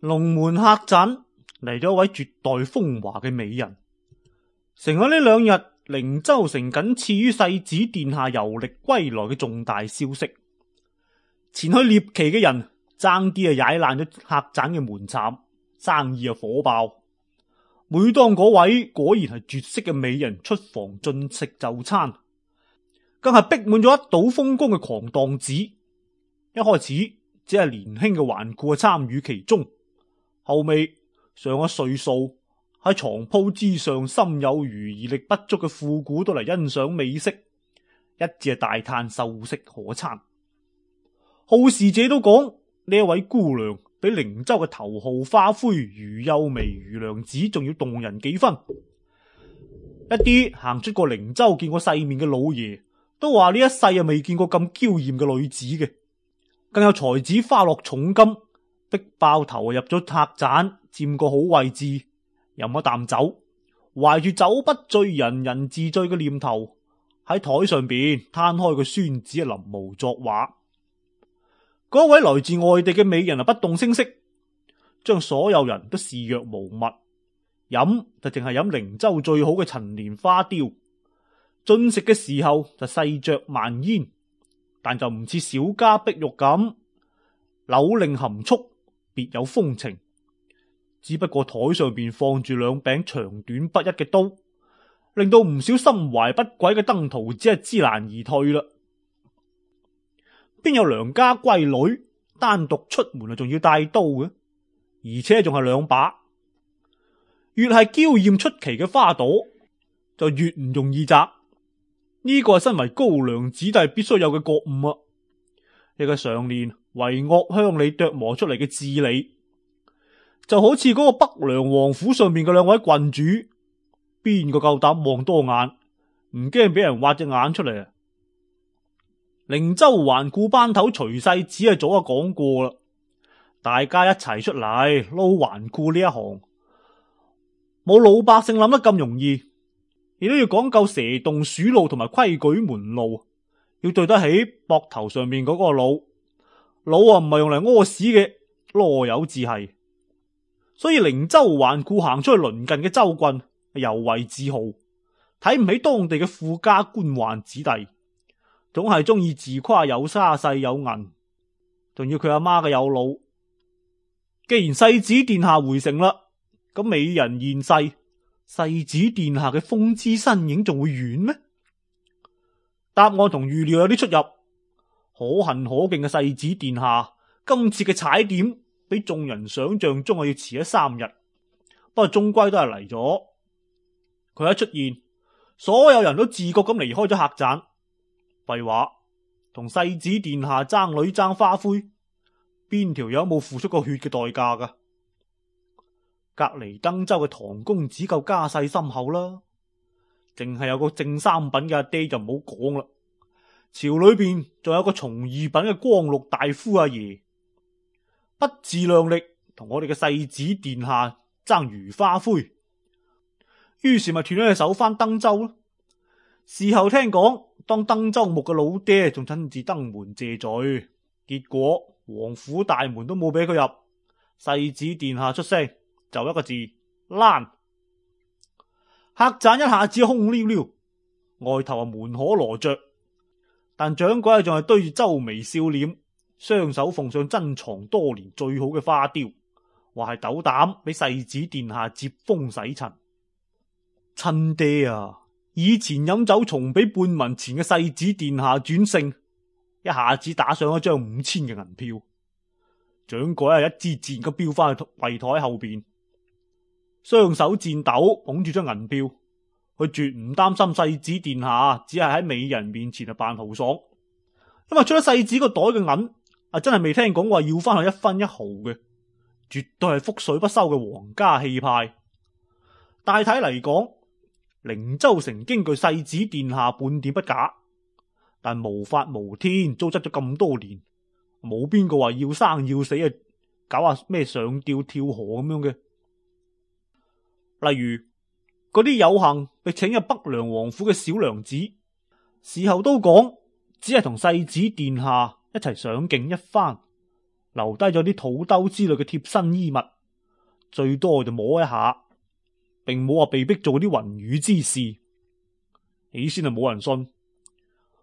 龍門客棧嚟咗一位絕代風華嘅美人，成為呢兩日靈州城僅次於世子殿下遊歷歸來嘅重大消息。前去獵奇嘅人爭啲啊踩爛咗客棧嘅門檻，生意啊火爆。每當嗰位果然係絕色嘅美人出房進食就餐，更係逼滿咗一睹風光嘅狂蕩子。一開始只係年輕嘅紈絝參與其中。後尾上咗歲數喺床鋪之上，心有餘而力不足嘅富賈都嚟欣賞美色，一至大嘆秀色可餐。好事者都講呢一位姑娘比靈州嘅頭號花魁余幼眉、余娘子仲要動人幾分。一啲行出過靈州見過世面嘅老爺都話呢一世啊未見過咁嬌艷嘅女子嘅，更有才子花落重金。逼爆頭啊！入咗客棧，佔個好位置，飲咗啖酒，懷住酒不醉人人自醉嘅念頭，喺台上邊攤開個宣紙，啊，臨摹作畫。嗰位來自外地嘅美人啊，不動聲色，將所有人都視若無物，飲就淨係飲靈州最好嘅陳年花雕，進食嘅時候就細嚼慢咽，但就唔似小家碧玉咁扭令含蓄。別有風情，只不過台上邊放住兩柄長短不一嘅刀，令到唔少心懷不軌嘅登徒只係知難而退啦。邊有娘家閨女單獨出門啊，仲要帶刀嘅，而且仲係兩把。越係嬌艷出奇嘅花朵，就越唔容易摘。呢個係身為高梁子弟必須有嘅覺悟啊！你個常練。為惡鄉里琢磨出嚟嘅智理，就好似嗰個北涼王府上面嘅兩位郡主，邊個夠膽望多眼，唔驚俾人挖隻眼出嚟啊？靈州環顧班頭徐世子係早就講過啦，大家一齊出嚟撈環顧呢一行，冇老百姓諗得咁容易，亦都要講究蛇洞鼠路同埋規矩門路，要對得起膊頭上面嗰個腦。老啊，唔係用嚟屙屎嘅，囉柚自係，所以靈州環顧行出去鄰近嘅州郡，尤為自豪，睇唔起當地嘅富家官宦子弟，總係中意自誇有沙世有銀，仲要佢阿媽嘅有路。既然世子殿下回城啦，咁美人現世，世子殿下嘅風姿身影仲會遠咩？答案同預料有啲出入。可恨可敬嘅世子殿下，今次嘅踩點比眾人想象中係要遲咗三日，不過終歸都係嚟咗。佢一出現，所有人都自覺咁離開咗客棧。廢話，同世子殿下爭女爭花灰，邊條友冇付出過血嘅代價噶？隔籬登州嘅唐公子夠家世深厚啦，淨係有個正三品嘅阿爹就唔好講啦。朝裏邊仲有個從二品嘅光祿大夫阿爺，不自量力同我哋嘅世子殿下爭如花魁，於是咪斷咗隻手翻登州啦。事後聽講，當登州牧嘅老爹仲親自登門謝罪，結果王府大門都冇俾佢入。世子殿下出聲就一個字：攋。客棧一下子空溜溜，外頭啊門可羅雀。但掌櫃仲係堆住周眉笑臉，雙手奉上珍藏多年最好嘅花雕，話係斗膽俾世子殿下接風洗塵。親爹啊，以前飲酒從俾半文錢嘅世子殿下轉性，一下子打上一張五千嘅銀票。掌櫃啊，一支箭咁飆翻去櫃枱後邊，雙手戰抖捧住張銀票。佢絕唔擔心世子殿下，只係喺美人面前啊扮豪爽。因為出咗世子個袋嘅銀啊，真係未聽講話要翻去一分一毫嘅，絕對係覆水不收嘅皇家氣派。大體嚟講，靈州城驚據世子殿下半點不假，但無法無天，糟質咗咁多年，冇邊個話要生要死啊，搞下咩上吊跳河咁樣嘅，例如。嗰啲有幸被請入北涼王府嘅小娘子，事後都講，只係同世子殿下一齊上鏡一番，留低咗啲肚兜之類嘅貼身衣物，最多就摸一下，並冇話被逼做啲雲雨之事。起先係冇人信，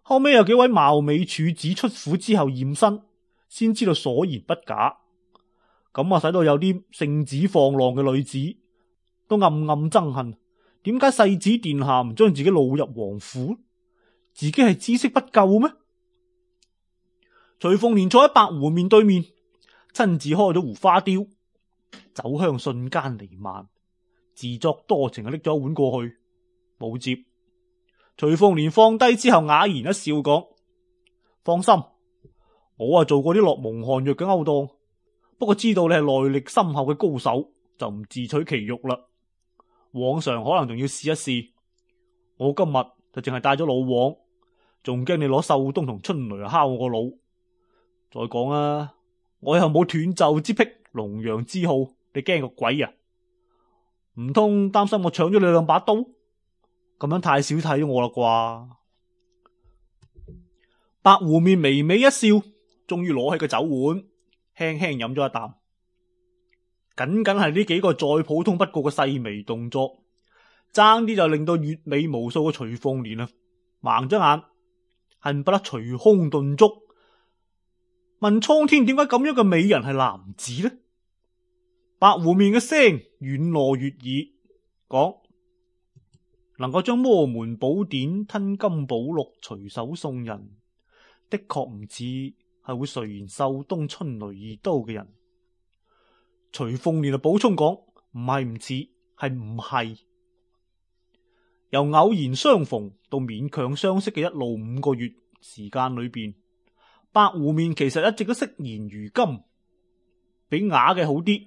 後尾有幾位貌美處子出府之後驗身，先知道所言不假。咁啊，使到有啲性子放浪嘅女子都暗暗憎恨。點解世子殿下唔將自己錄入王府？自己係知識不夠咩？徐鳳年坐喺白狐面對面，親自開咗壺花雕，酒香瞬間彌漫，自作多情就拎咗一碗過去，冇接。徐鳳年放低之後，啞然一笑，講：放心，我啊做過啲落蒙汗藥嘅勾當，不過知道你係內力深厚嘅高手，就唔自取其辱啦。往常可能仲要試一試，我今日就淨係帶咗老王，仲驚你攞繡冬同春雷敲我個腦。再講啦，啊，我以後冇斷袖之癖，龍陽之好，你驚個鬼啊？唔通擔心我搶咗你兩把刀？咁樣太小睇我啦啩？白狐面微微一笑，終於攞起個酒碗，輕輕飲咗一啖。僅僅係呢幾個再普通不過嘅細微動作，爭啲就令到閱美無數嘅徐鳳年啊，盲咗眼，恨不得捶胸頓足，問蒼天點解咁樣嘅美人係男子呢？白狐面嘅聲軟糯悅耳，講能夠將魔門寶典吞金寶錄隨手送人，的確唔似係會垂涎繡冬春雷二刀嘅人。徐鳳年就補充講：唔係唔似，係唔係？由偶然相逢到勉強相識嘅一路五個月時間裏邊，白湖面其實一直都惜言如金，比啞嘅好啲。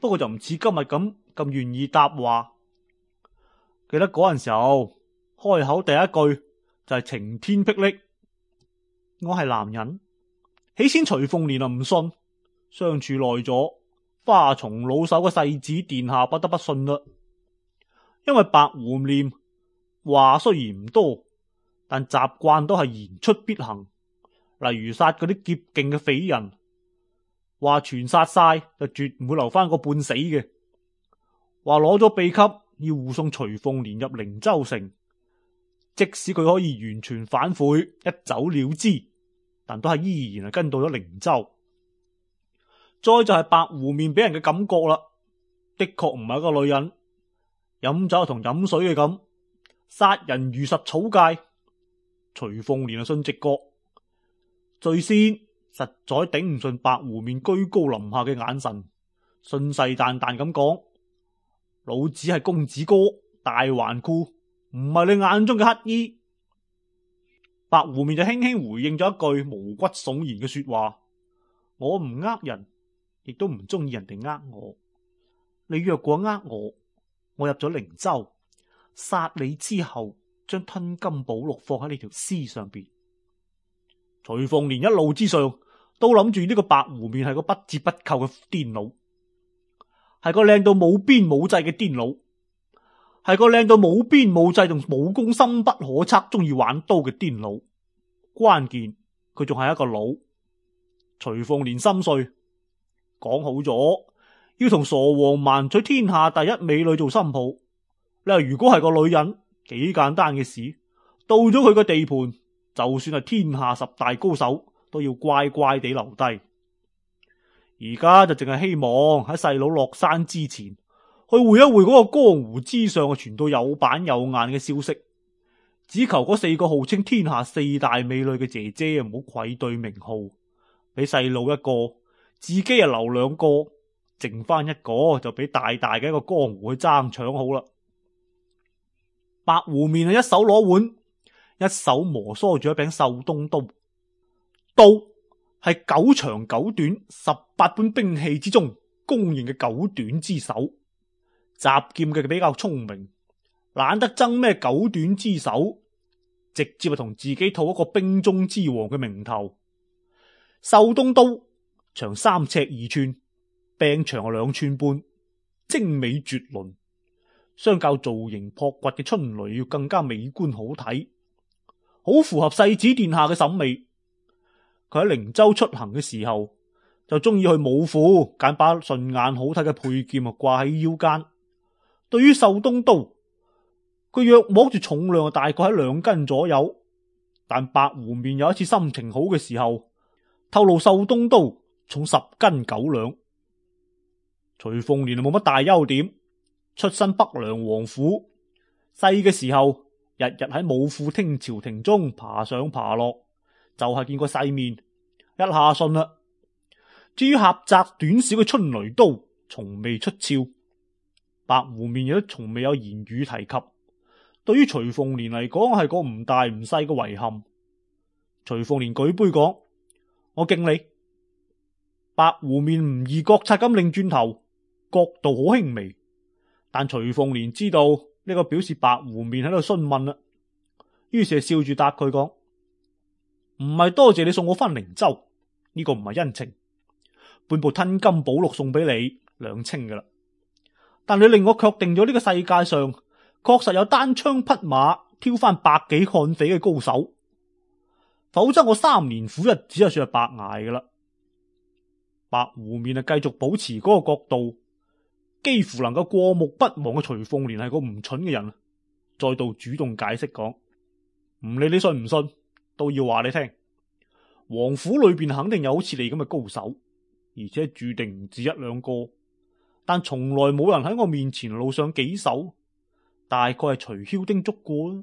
不過就唔似今日咁咁願意答話。記得嗰陣時候開口第一句就係、是、晴天霹靂，我係男人。起先徐鳳年就唔信，相處耐咗。花叢老手嘅世子殿下不得不信嘞，因為白狐念話雖然唔多，但習慣都係言出必行。例如殺嗰啲劫徑嘅匪人，話全殺晒就絕唔會留翻個半死嘅。話攞咗秘笈要護送徐鳳年入靈州城，即使佢可以完全反悔一走了之，但都係依然係跟到咗靈州。再就係白湖面俾人嘅感覺啦，的確唔係一個女人，飲酒同飲水嘅咁，殺人如拾草芥。徐鳳年信直覺，最先實在頂唔順白湖面居高臨下嘅眼神，信誓旦旦咁講：老子係公子哥，大紈絝，唔係你眼中嘅乞衣。白湖面就輕輕回應咗一句毛骨悚然嘅說話：我唔呃人。亦都唔中意人哋呃我。你若果呃我，我入咗靈州殺你之後，將吞金寶錄放喺呢條屍上邊。徐鳳年一路之上都諗住呢個白狐面係個不折不扣嘅癲佬，係個靚到冇邊冇際嘅癲佬，係個靚到冇邊冇際同武功深不可測，中意玩刀嘅癲佬。關鍵佢仲係一個佬。徐鳳年心碎。講好咗，要同傻王萬娶天下第一美女做新抱。你話如果係個女人，幾簡單嘅事。到咗佢個地盤，就算係天下十大高手，都要乖乖地留低。而家就淨係希望喺細佬落山之前，去會一會嗰個江湖之上嘅傳到有板有眼嘅消息。只求嗰四個號稱天下四大美女嘅姐姐唔好愧對名號，俾細佬一個。自己啊留兩個，剩翻一個就俾大大嘅一個江湖去爭搶好啦。白狐面啊，一手攞碗，一手磨梳住一柄壽東刀。刀係九長九短十八般兵器之中公認嘅九短之首。習劍嘅比較聰明，懶得爭咩九短之首，直接就同自己套一個兵中之王嘅名頭。壽東刀。長三尺二寸，柄長兩寸半，精美絕倫，相較造型樸拙嘅春雷，要更加美觀好睇，好符合世子殿下嘅審美。佢喺靈州出行嘅時候，就中意去武府揀把順眼好睇嘅佩劍掛喺腰間。對於繡冬刀，佢約摸住重量，大概喺兩斤左右。但白狐面有一次心情好嘅時候，透露繡冬刀。重十斤九兩，徐鳳年就冇乜大優點。出身北涼王府，細嘅時候日日喺武庫廳朝廷中爬上爬落，就係、是、見過世面，一下信啦。至於狹窄短小嘅春雷刀，從未出鞘。白狐面亦都從未有言語提及。對於徐鳳年嚟講，係個唔大唔細嘅遺憾。徐鳳年舉杯講：我敬你。白狐面唔易覺察咁擰轉頭，角度好輕微。但徐鳳年知道呢個表示白狐面喺度詢問啦，於是笑住答佢講：唔係多謝你送我翻靈州，呢個唔係恩情，半部吞金寶錄送俾你，兩清噶啦。但你令我確定咗呢個世界上確實有單槍匹馬挑翻百幾悍匪嘅高手，否則我三年苦日子又算係白挨噶啦。湖面啊，繼續保持嗰個角度，幾乎能夠過目不忘嘅徐鳳年係個唔蠢嘅人，再度主動解釋講：唔理你信唔信，都要話你聽，王府裏邊肯定有好似你咁嘅高手，而且注定唔止一兩個，但從來冇人喺我面前露上幾手，大概係徐驍丁捉過，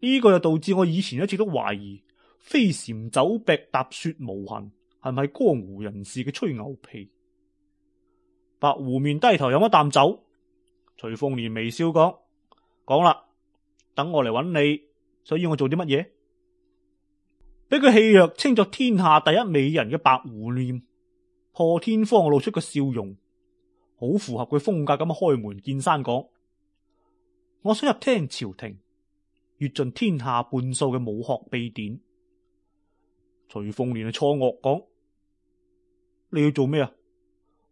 呢個又導致我以前一直都懷疑飛檐走壁踏雪無痕。係咪江湖人士嘅吹牛皮？白狐面低頭飲一啖酒，徐鳳年微笑講：講啦，等我嚟揾你，所以我做啲乜嘢？俾佢戲謔稱作天下第一美人嘅白狐兒臉，破天荒露出個笑容，好符合佢風格咁開門見山講：我想入聽潮亭閱盡天下半數嘅武學秘典。徐鳳年係錯愕講。你要做咩啊？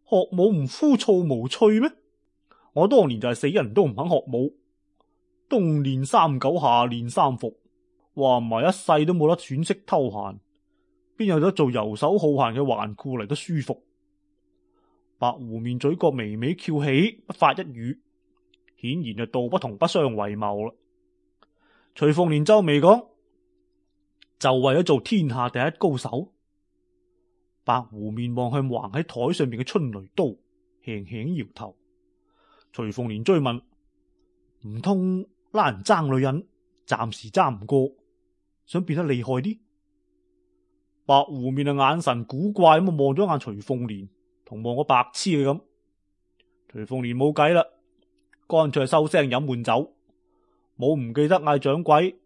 學武唔枯燥無趣咩？我當年就係死人都唔肯學武，冬練三九，夏練三伏，話唔埋一世都冇得喘息偷閒，邊有得做游手好閒嘅紈絝嚟得舒服？白狐面嘴角微微翹起，不發一語，顯然就道不同不相為謀啦。徐鳳年皺眉講，就為咗做天下第一高手。白湖面望向橫喺台上邊嘅春雷刀，輕輕搖頭。徐鳳年追問：唔通拉人爭女人，暫時爭唔過，想變得厲害啲？白湖面嘅眼神古怪咁望咗眼徐鳳年，同望個白痴嘅咁。徐鳳年冇計啦，乾脆收聲飲悶酒，冇唔記得嗌掌櫃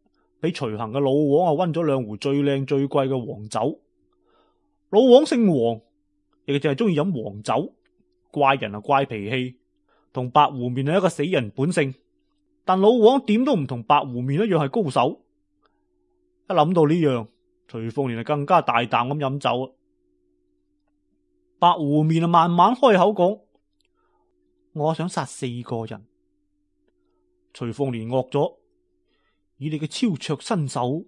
俾徐行嘅老王啊，温咗兩壺最靚最貴嘅黃酒。老王姓黃，亦就係中意飲黃酒，怪人啊，怪脾氣，同白湖面係一個死人本性。但老王點都唔同白湖面一樣係高手。一諗到呢樣，徐鳳年就更加大膽咁飲酒啊！白湖面啊，慢慢開口講：我想殺四個人。徐鳳年惡咗，以你嘅超卓身手，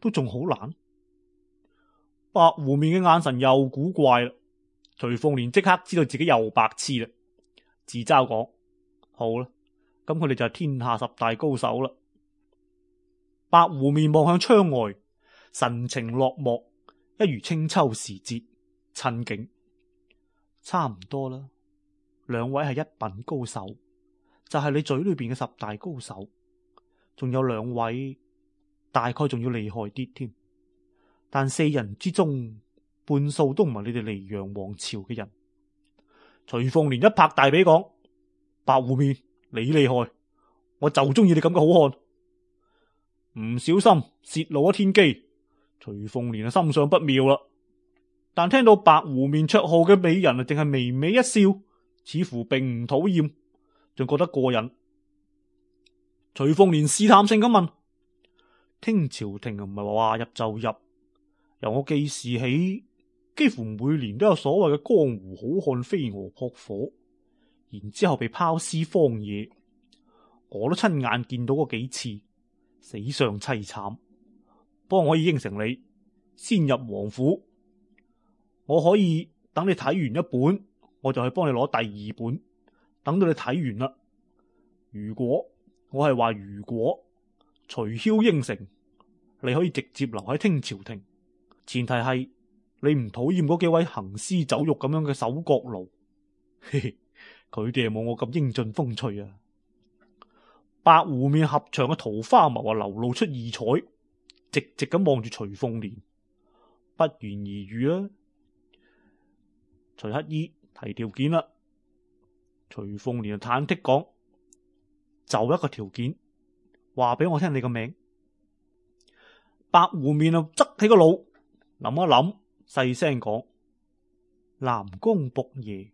都仲好難。白湖面嘅眼神又古怪啦，徐鳳年即刻知道自己又白痴啦，自嘲講，好啦，咁佢哋就係天下十大高手啦。白湖面望向窗外，神情落寞，一如清秋時節，趁景差唔多啦。兩位係一品高手，就係你嘴裏邊嘅十大高手，仲有兩位大概仲要厲害啲添。但四人之中，半數都唔係你哋離陽王朝嘅人。徐鳳年一拍大髀講：白狐面，你厲害，我就中意你咁嘅好漢。唔小心洩露咗天機，徐鳳年啊，心上不妙啦。但聽到白狐面綽號嘅美人啊，淨係微微一笑，似乎並唔討厭，仲覺得過癮。徐鳳年試探性咁問：聽朝廷唔係話話入就入？由我記事起，幾乎每年都有所謂嘅江湖好漢飛蛾撲火，然之後被拋屍荒野，我都親眼見到過幾次，死相淒慘。不過我可以應承你，先入王府，我可以等你睇完一本，我就去幫你攞第二本。等到你睇完啦，如果我係話，如果徐驍應承，你可以直接留喺聽潮亭。前提係你唔討厭嗰幾位行屍走肉咁樣嘅守國奴，嘿嘿，佢哋係冇我咁英俊風趣啊！白湖面狹長嘅桃花眸啊，流露出異彩，直直咁望住徐鳳年，不言而喻啊！徐乞衣提條件啦，徐鳳年就忐忑講：就一個條件，話俾我聽你個名。白湖面啊，側起個腦。諗一諗，細聲講南宮博爺。